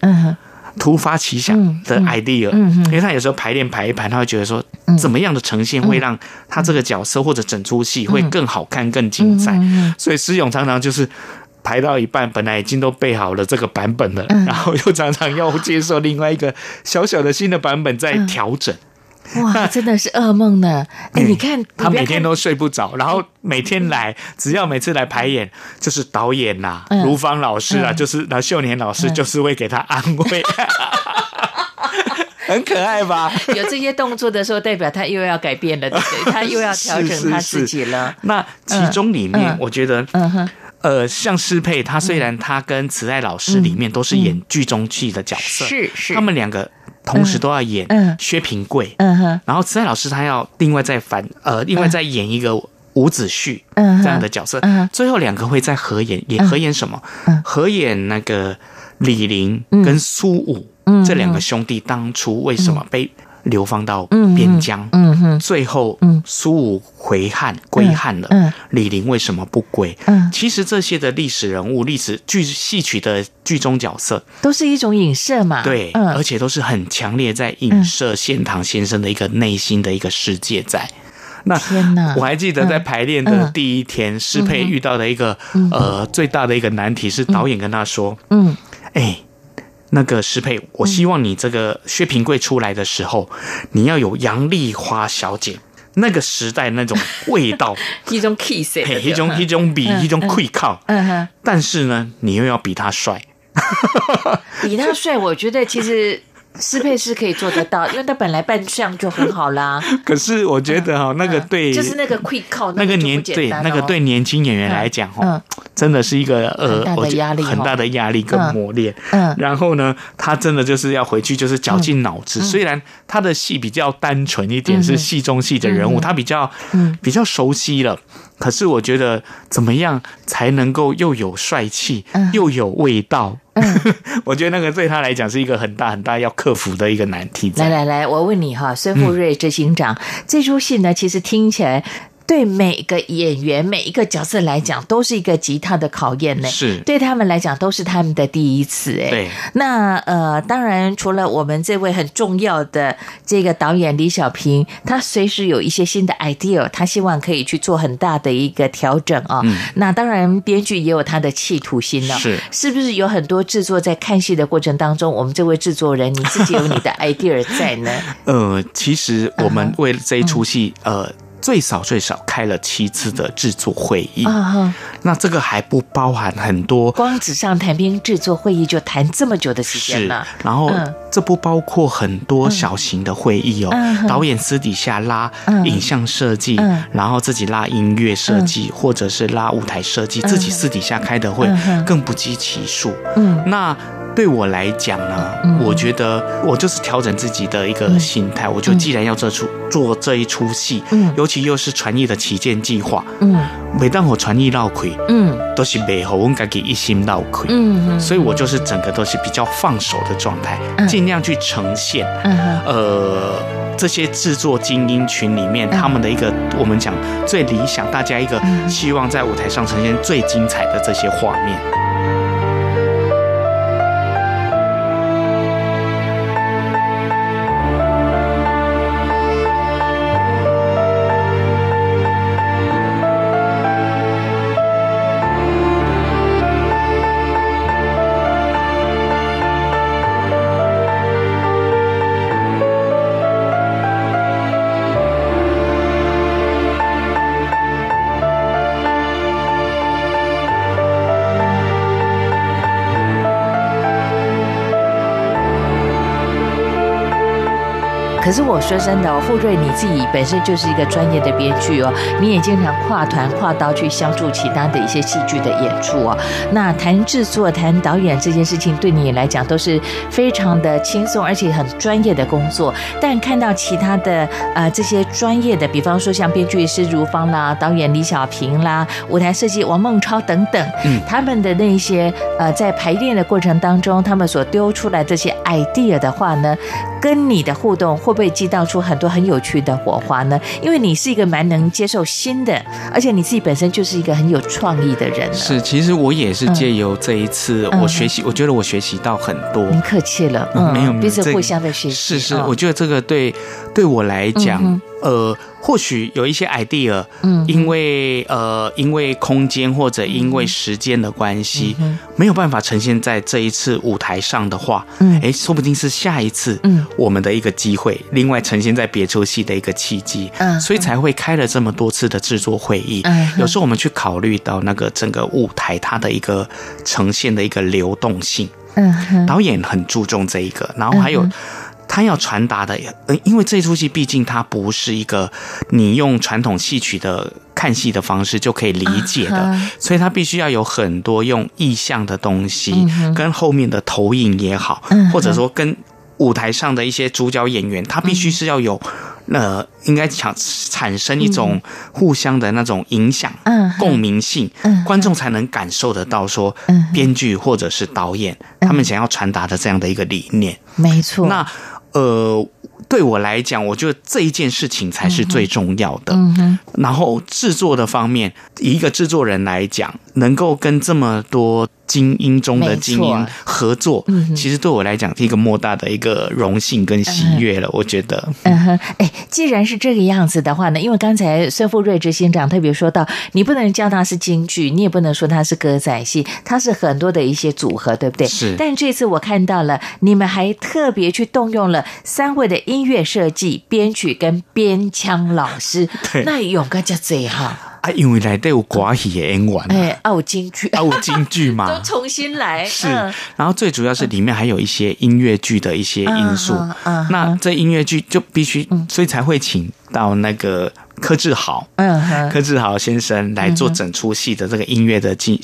突發奇想的 idea，、嗯嗯嗯嗯、因為他有時候排練排一排，他會覺得說怎麼樣的呈現會讓他這個角色或者整出戲會更好看、更精彩，所以石勇常常就是排到一半，本來已經都備好了這個版本了，然後又常常要接受另外一個小小的新的版本在調整、嗯。嗯嗯嗯嗯嗯哇，真的是噩夢呢！欸嗯、你看他每天都睡不着，嗯、然後每天來，嗯、只要每次來排演，就是導演啊，如芳、嗯、老師啊，就是那秀年老師，就是會給他安慰，嗯嗯、 很可愛吧？有這些動作的時候，代表他又要改變了，對他又要調整他自己了。是是是，那其中裡面，我覺得，嗯呃，嗯、呃，像詩珮，他雖然他跟慈愛老師裡面都是演劇中戲的角色，嗯嗯、是是，他們兩個。同時都要演薛平貴，嗯嗯嗯嗯、然後慈愛老師他要另外再反，呃，另外再演一個伍子胥，這樣的角色。嗯嗯嗯、最後兩個會再合演，也合演什麼？嗯嗯、合演那個李陵跟蘇武，嗯嗯嗯、這兩個兄弟當初為什麼被？流放到邊疆，最後蘇武回漢歸漢了。李陵為什麼不歸？其實這些的歷史人物、歷史劇戲曲的劇中角色，都是一種影射嘛。對，而且都是很強烈在影射獻堂先生的一個內心的一個世界在。那天哪，我還記得在排練的第一天詩珮遇到的一個呃最大的一個難題是導演跟他說：“嗯，哎。”那個詩珮，我希望你這個薛平貴出來的時候，嗯、你要有楊麗花小姐那個時代那種味道，一 種 kiss，一 種一種比一種依靠，嗯哼，嗯但是呢，你又要比他帥， 比他帥，我覺得其實。 適配是可以做得到，因為他本來扮相就很好啦。可是我覺得哈，那個對，就是那個 quick 靠，那個對，那個對年輕演員來講哈，真的是一個呃，很大的壓力，很大的壓力跟磨練。嗯，然後呢，他真的就是要回去，就是絞盡腦汁。雖然他的戲比較單純一點，是戲中戲的人物，他比較比較熟悉了。可是我覺得怎麼樣才能夠又有帥氣、嗯、又有味道？ 我覺得那個對他來講是一個很大很大要克服的一個難題。來來來，我問你哈，孫富瑞執行長，嗯、這出戲呢，其實聽起來。對每個演員每一個角色來講，都是一個吉他的考驗呢。是對他們來講，都是他們的第一次。哎對，那呃，當然除了我們這位很重要的這個導演李小平，他隨時有一些新的 idea，他希望可以去做很大的一個調整啊、哦。嗯、那當然，編劇也有他的企圖心、哦、是，是不是有很多製作在看戲的過程當中，我們這位製作人你自己有你的 idea 在呢？ 呃，其實我們為了這一出戲，嗯、呃。最少最少開了七次的制作會議，嗯嗯、那這個還不包含很多，光紙上談兵，制作會議就談這麼久的時間了。然後、嗯、這不包括很多小型的會議哦，嗯嗯、導演私底下拉影像設計，嗯嗯、然後自己拉音樂設計，嗯、或者是拉舞臺設計，嗯、自己私底下開的會更不計其數。嗯，嗯那。對我來講呢，嗯、我覺得我就是調整自己的一個心態。嗯、我就既然要這出做這一出戲，嗯，尤其又是傳藝的旗艦計劃，嗯，每當我傳藝漏氣，嗯，都是美後我自己一心漏氣，嗯嗯，所以我就是整個都是比較放手的狀態，嗯、盡量去呈現，嗯、呃，這些制作精英群裡面他們的一個、嗯、我們講最理想，大家一個希望在舞台上呈現最精彩的這些畫面。可是我說真的哦，傅瑞你自己本身就是一個專業的編劇哦，你也經常跨團跨刀去相助其他的一些戲劇的演出哦。那談製作、談導演這件事情，對你來講都是非常的輕鬆，而且很專業的工作。但看到其他的呃這些專業的，比方說像編劇施如芳啦、導演李小平啦、舞台設計王孟超等等，嗯，他們的那些呃在排練的過程當中，他們所丟出來這些 idea 的話呢，跟你的互動或會不會激盪出很多很有趣的火花呢？因為你是一個蠻能接受新的，而且你自己本身就是一個很有創意的人。是，其實我也是借由這一次，嗯、我學習，我覺得我學習到很多。您客氣了，嗯、沒有彼此、嗯、互相的學習。是是，我覺得這個對對我來講，嗯、哼呃。或許有一些 idea 嗯哼，因為呃，因為空間或者因為時間的關係，嗯、哼沒有辦法呈現在這一次舞台上的話，嗯，哎、欸，說不定是下一次，嗯，我們的一個機會，嗯、另外呈現在別出戲的一個契機，嗯哼，所以才會開了這麼多次的制作會議。嗯、哼有時候我們去考慮到那個整個舞台它的一個呈現的一個流動性，嗯哼，導演很注重這一個，然後還有。嗯他要傳達的，因為這出戲畢竟它不是一個你用傳統戲曲的看戲的方式就可以理解的，所以他必須要有很多用意象的東西，跟後面的投影也好，或者說跟舞台上的一些主角演員，他必須是要有，呃，應該產產生一種互相的那種影響、嗯、哼共鳴性，觀眾才能感受得到說，編劇或者是導演他們想要傳達的這樣的一個理念。沒錯錯，那。呃，對我來講，我覺得這一件事情才是最重要的。嗯哼嗯哼，然後製作的方面，以一個製作人來講。能夠跟這麼多精英中的精英錯合作，嗯、哼其實對我來講是一個莫大的一個榮幸跟喜悅了，嗯、哼我覺得。嗯哼、欸，既然是這個樣子的話呢，因為剛才孫富睿執行長特別說到，你不能叫他是京劇，你也不能說他是歌仔戲，他是很多的一些組合，對不對？是。但這次我看到了，你們還特別去動用了三位的音樂設計、編曲跟編腔老師， 對那勇哥，加最好。啊，因為來對有國戲也演員、啊，哎、欸，啊金，京劇、啊，啊，金京劇嘛，都重新來。是，嗯、然後最主要是裡面還有一些音樂劇的一些因素，嗯、那這音樂劇就必須，嗯、所以才會請到那個柯志豪，嗯，柯志豪先生來做整出戲的這個音樂的精，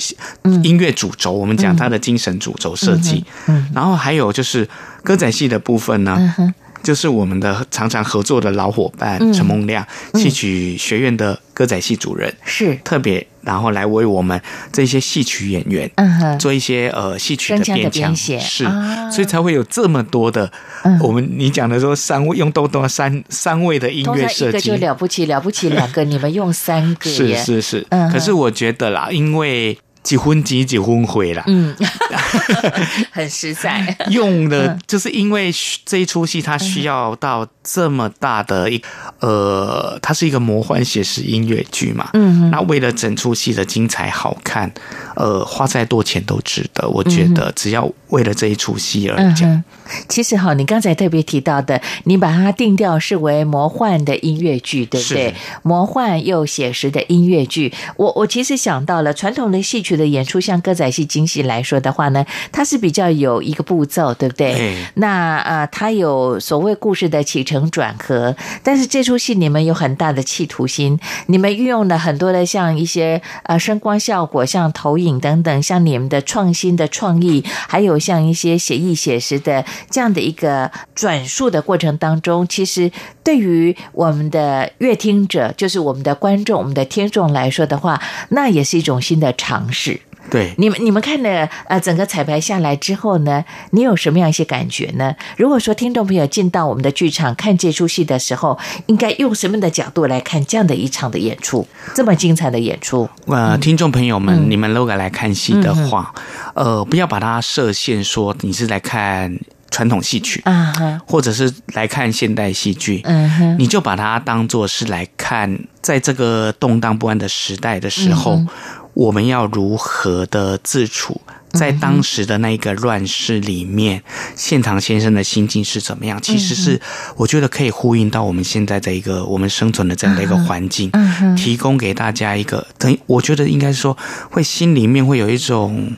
嗯、音樂主軸，我們講他的精神主軸設計。嗯，嗯然後還有就是歌仔戲的部分呢。嗯嗯嗯就是我們的常常合作的老夥伴陳夢亮，嗯、戲曲學院的歌仔戲主任是特別，然後來為我們這些戲曲演員，嗯哼，做一些呃戲曲的編腔的變是、啊、所以才會有這麼多的，嗯、我們你講的說三位用都用的三三位的音樂設計，對，一個就了不起了不起，兩個， 你們用三個，是是是，嗯、哼可是我覺得啦，因為。幾分幾幾分會啦，嗯， 很實在。 用的就是因為這一出戲，它需要到這麼大的一、嗯、哼呃，它是一個魔幻寫實音樂劇嘛，嗯哼，那為了整出戲的精彩好看，呃，花再多錢都值得。我覺得只要為了這一出戲而講，嗯、其實哈、哦，你剛才特別提到的，你把它定調視為魔幻的音樂劇，對不對？是魔幻又寫實的音樂劇，我我其實想到了傳統的戲曲的演出像歌仔戲、京戲來說的話呢，它是比較有一個步驟，對不對？對。那啊、呃、它有所謂故事的起承轉合，但是這出戲你們有很大的企圖心，你們運用了很多的像一些呃聲光效果、像投影等等，像你們的創新的創意，還有像一些寫意寫實的這樣的一個轉述的過程當中，其實對於我們的閱聽者，就是我們的觀眾、我們的聽眾來說的話，那也是一種新的嘗試。對你們，你們看了呃整個彩排下來之後呢，你有什麼樣一些感覺呢？如果說聽眾朋友進到我們的劇場看這出戲的時候，應該用什麼的角度來看這樣的一場的演出？這麼精彩的演出，呃，聽眾朋友們，嗯、你們如果來看戲的話，嗯、哼呃，不要把它設限說你是來看傳統戲曲啊，嗯、哼或者是來看現代戲劇，嗯哼，你就把它當做是來看，在這個動盪不安的時代的時候。嗯我們要如何的自處？在當時的那一個亂世裡面，嗯、哼獻堂先生的心境是怎麼樣？其實是、嗯、哼我覺得可以呼應到我們現在的一個我們生存的這樣的一個環境，嗯、哼提供給大家一個，等於我覺得應該是說會心裡面會有一種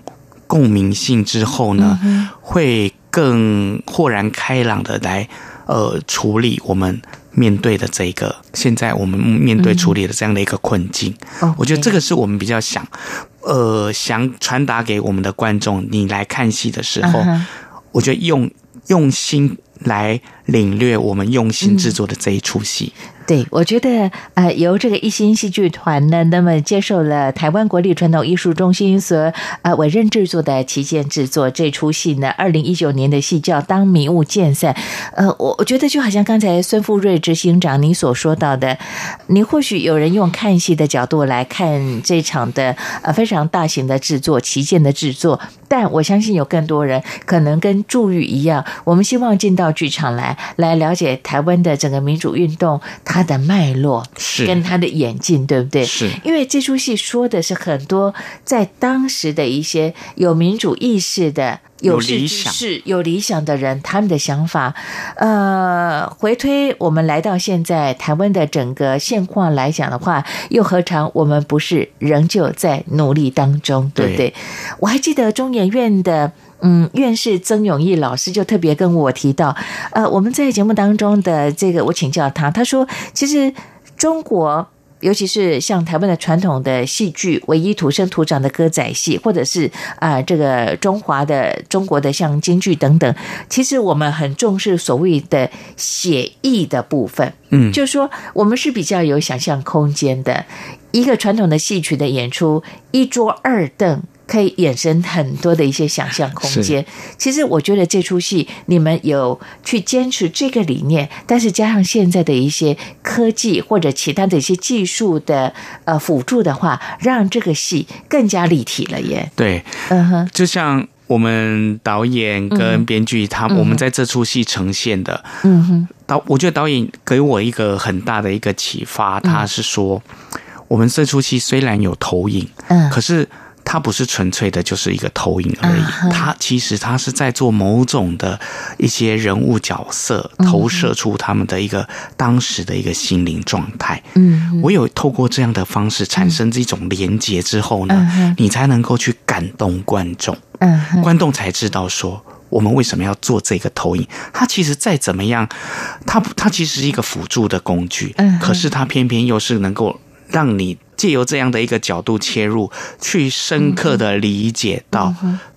共鳴性，之後呢，嗯、哼會更豁然開朗的來呃處理我們。面對的這個，現在我們面對處理的這樣的一個困境，嗯、我覺得這個是我們比較想，Okay. 呃，想傳達給我們的觀眾。你來看戲的時候，Uh-huh. 我覺得用用心來領略我們用心制作的這一出戲。嗯嗯對，我覺得，呃，由這個一心戲劇團呢，那麼接受了台灣國立傳統藝術中心所呃委任制作的旗艦制作這出戲呢，二零一九年的戲叫《當迷霧漸散》。呃，我我覺得就好像剛才孫富瑞執行長您所說到的，你或許有人用看戲的角度來看這場的呃非常大型的制作，旗艦的制作，但我相信有更多人可能跟祝意一樣，我們希望進到劇場來來了解台灣的整個民主運動。它他的脈絡是跟他的演進，是對不對？是，因為這出戲說的是很多在當時的一些有民主意識的、有理想有、有理想的人他們的想法。呃，回推我們來到現在台灣的整個現況來講的話，又何嘗我們不是仍舊在努力當中，對，對不對？我還記得中研院的。嗯，院士曾永義老師就特別跟我提到，呃，我們在節目當中的這個我請教他，他說，其實中國，尤其是像台灣的傳統的戲劇，唯一土生土長的歌仔戲，或者是啊、呃，這個中華的中國的像京劇等等，其實我們很重視所謂的寫意的部分，嗯，就是說我們是比較有想象空間的一個傳統的戲曲的演出，一桌二凳。可以衍生很多的一些想象空間。是其實我覺得這出戲你們有去堅持這個理念，但是加上現在的一些科技或者其他的一些技術的呃輔助的話，讓這個戲更加立體了。耶。對，嗯哼、uh，huh. 就像我們導演跟編劇、uh huh. 他，我們在這出戲呈現的，嗯哼、uh，導、huh. 我覺得導演給我一個很大的一個啟發，uh huh. 他是說我們這出戲雖然有投影，嗯、uh，huh. 可是。它不是純粹的，就是一個投影而已。Uh huh. 它其實它是在做某種的一些人物角色投射出他們的一個當時的一個心靈狀態。嗯、uh，huh. 唯有透過這樣的方式產生這種連接之後呢，uh huh. 你才能夠去感動觀眾。嗯、uh，huh. 觀眾才知道說我們為什麼要做這個投影。它其實再怎麼樣，它它其實是一個輔助的工具。嗯，可是它偏偏又是能夠讓你。借由這樣的一個角度切入，去深刻的理解到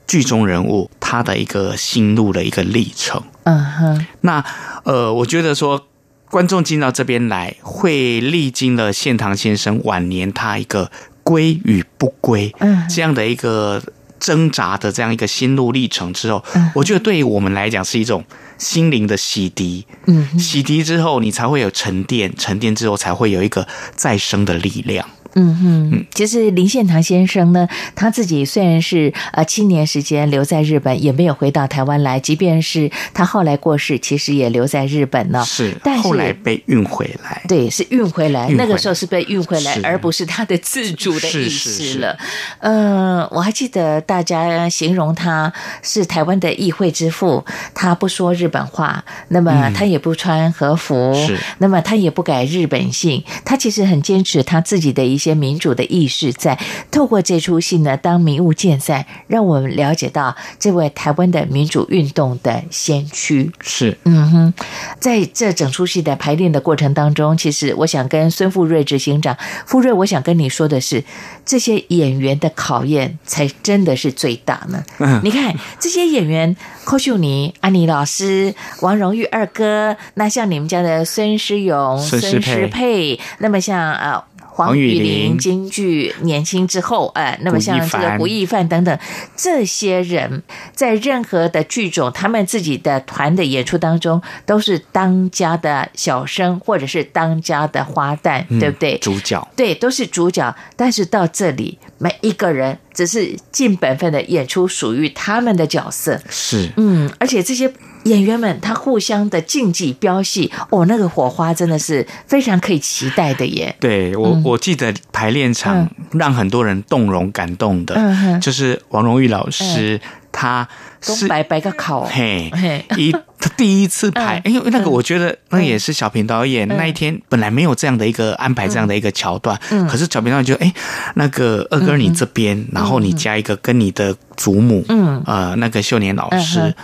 劇中人物、嗯、哼他的一個心路的一個歷程。嗯哼。那呃，我覺得說觀眾進到這邊來，會歷經了獻堂先生晚年他一個歸與不歸、嗯、哼這樣的一個掙扎的這樣一個心路歷程之後，嗯、哼我覺得對於我們來講是一種心靈的洗滌。嗯哼。洗滌之後，你才會有沉澱，沉澱之後才會有一個再生的力量。嗯哼，其實林獻堂先生呢，他自己雖然是呃七年時間留在日本，也沒有回到台灣來。即便是他後來過世，其實也留在日本了。是，但是後來被運回來，對，是運回來。回來那個時候是被運回來，是而不是他的自主的意識了。嗯、呃，我還記得大家形容他是台灣的議會之父，他不說日本話，那麼他也不穿和服，嗯、那麼他也不改日本姓，他其實很堅持他自己的一。一些民主的意識在透過這出戲呢，當迷霧漸散，讓我們了解到這位台灣的民主運動的先驅是嗯哼，在這整出戲的排練的過程當中，其實我想跟孫富瑞執行長富瑞，我想跟你說的是，這些演員的考驗才真的是最大呢。嗯、你看這些演員許秀年、 uni, 安妮老師、王榮裕二哥，那像你們家的孫詩詠、孫詩珮，珮，那麼像啊。黃宇琳、京劇年輕之後，哎、呃，那麼像這個古翊汎等等，這些人在任何的劇種，他們自己的團的演出當中，都是當家的小生或者是當家的花旦，嗯、對不對？主角對，都是主角。但是到這裡，每一個人只是盡本分的演出屬於他們的角色。是，嗯，而且這些。演員們他互相的競技飆戲，哦，那個火花真的是非常可以期待的耶！對，我我記得排練場讓很多人動容感動的，嗯、就是王榮裕老師，他、嗯嗯、是擺擺個考，嘿，一他第一次排，哎、嗯嗯欸，那個我覺得那也是小平導演、嗯、那一天本來沒有這樣的一個安排，這樣的一個橋段，嗯、可是小平導演就哎、欸，那個二哥你這邊，嗯、然後你加一個跟你的祖母，嗯呃那個秀年老師。嗯嗯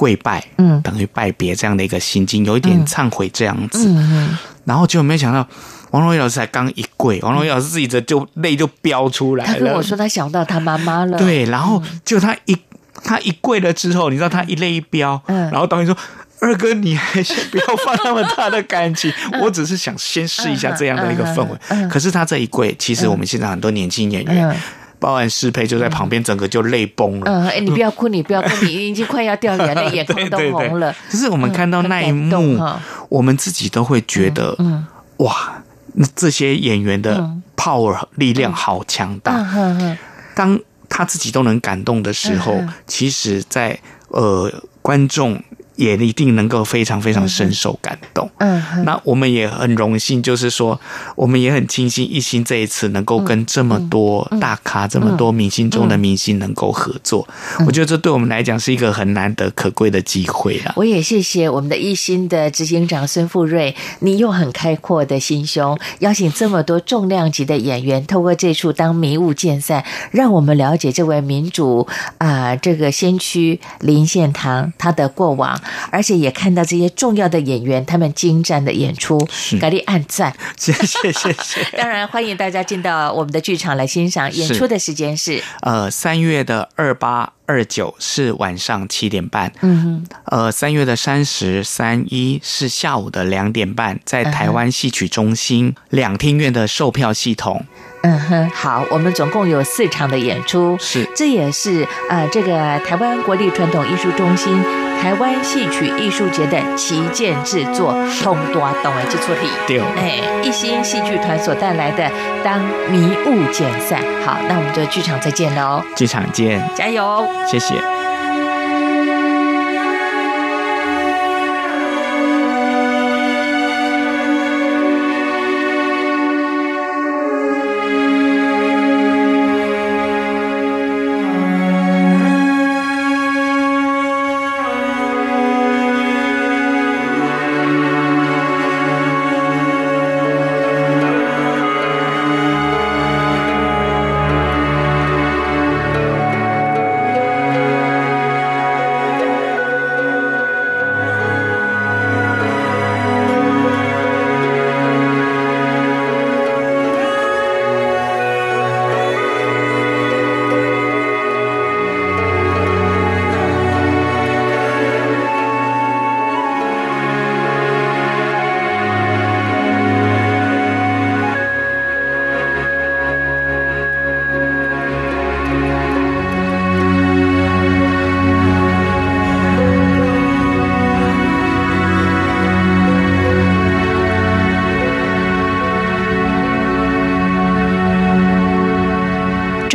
跪拜，嗯，等於拜別這樣的一個心境，有一點懺悔這樣子，嗯嗯嗯、然後就沒想到，王榮裕老師才剛一跪，王榮裕老師自己的就淚就飆出來了。他跟我說他想到他媽媽了，對，然後就他一、嗯、他一跪了之後，你知道他一淚一飆，嗯、然後導演說：“二哥，你還先不要放那麼大的感情， 我只是想先試一下這樣的一個氛圍。嗯”嗯嗯、可是他這一跪，其實我們現在很多年輕演員。嗯嗯嗯報案詩珮就在旁邊，整個就淚崩了。呃、嗯欸、你不要哭，你不要哭，你已經快要掉了、嗯、眼淚，眼眶都紅了。就是我們看到那一幕，嗯、我們自己都會覺得，嗯嗯、哇，那這些演員的 power 力量好強大。嗯嗯嗯嗯、當他自己都能感動的時候，嗯、其實在，在呃觀眾。也一定能夠非常非常深受感動。嗯，嗯那我們也很榮幸，就是說我們也很慶幸一心這一次能夠跟這麼多大咖、嗯嗯嗯、這麼多明星中的明星能夠合作。嗯嗯、我覺得這對我們來講是一個很難得可貴的機會了、啊。我也謝謝我們的一心的執行長孫富瑞，你用很開闊的心胸邀請這麼多重量級的演員，透過這齣當迷霧漸散，讓我們了解這位民主啊、呃、這個先驅林獻堂他的過往。而且也看到這些重要的演員，他們精湛的演出，趕緊按讚，謝謝謝謝。 當然歡迎大家進到我們的劇場來欣賞演出的時間是，是呃三月的二八二九是晚上七點半，嗯哼，呃三月的三十三一是下午的兩點半，在台灣戲曲中心、嗯、哼兩廳院的售票系統，嗯哼，好，我們總共有四場的演出，是這也是呃這個台灣國立傳統藝術中心台灣戲曲藝術節的旗艦製作，通達等來這齣戲。對，哎，一心戲劇團所帶來的《當迷霧漸散》，好，那我們就劇場再見嘍。劇場見，加油，謝謝。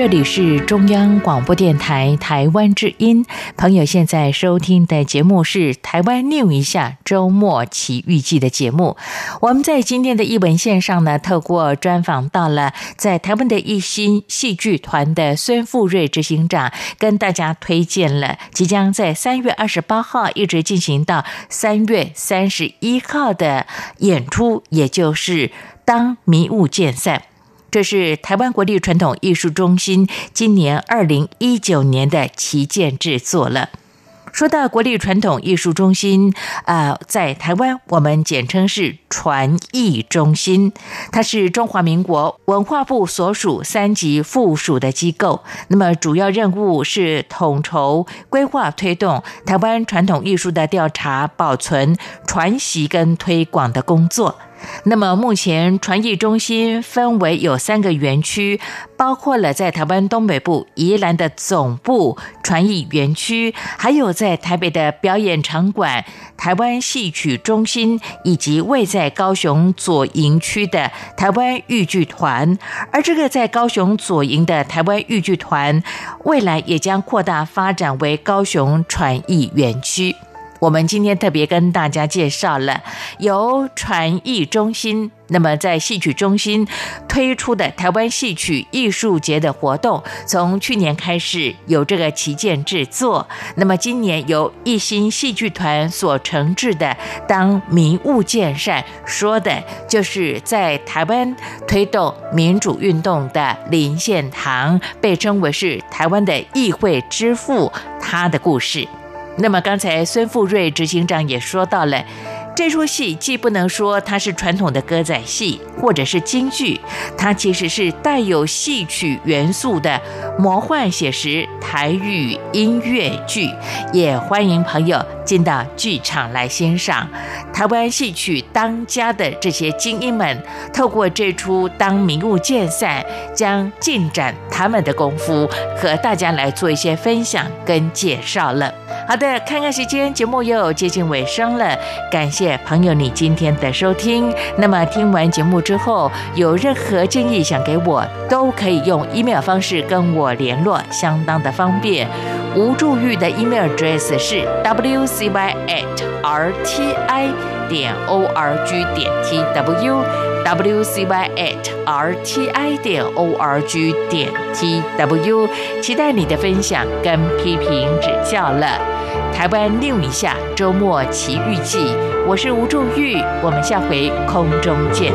這裡是中央廣播電台台灣之音，朋友現在收聽的節目是《台灣 new 一下周末奇遇記》的節目。我們在今天的藝文線上呢，透過專訪到了在台灣的一心戲劇團的孫富瑞執行長，跟大家推薦了即將在三月二十八號一直進行到三月三十一號的演出，也就是《當迷霧漸散》。這是臺灣國立傳統藝術中心今年二零一九年的旗艦製作了。說到國立傳統藝術中心，啊、呃，在臺灣我們簡稱是傳藝中心，它是中華民國文化部所屬三級附屬的機構。那麼主要任務是統籌規劃、推動台灣傳統藝術的調查、保存、傳習跟推廣的工作。那麼，目前傳藝中心分為有三個園區，包括了在台灣東北部宜蘭的總部傳藝園區，還有在台北的表演場館台灣戲曲中心，以及位在高雄左營區的台灣豫劇團。而這個在高雄左營的台灣豫劇團，未來也將擴大發展為高雄傳藝園區。我們今天特別跟大家介紹了由傳藝中心，那麼在戲曲中心推出的台灣戲曲藝術節的活動，從去年開始有這個旗艦制作，那麼今年由一心戲劇團所承制的《當迷霧漸散》，說的就是在台灣推動民主運動的林獻堂，被稱為是台灣的議會之父，他的故事。那麼，剛才孫富瑞執行長也說到了。這出戲既不能說它是傳統的歌仔戲或者是京劇，它其實是帶有戲曲元素的魔幻寫實台語音樂劇，也歡迎朋友進到劇場來欣賞。台灣戲曲當家的這些精英們，透過這出《當迷霧漸散》，將盡展他們的功夫，和大家來做一些分享跟介紹了。好的，看看時間，節目又接近尾聲了，感謝。朋友，你今天的收聽，那麼聽完節目之後，有任何建議想給我，都可以用 email 方式跟我聯絡，相當的方便。吳祝玉的 email address 是 wcy@rti 點 org 點 tw，wcy@rti 點 org 點 tw。期待你的分享跟批評指教了。台灣另一下周末奇遇記，我是吳仲玉，我們下回空中見。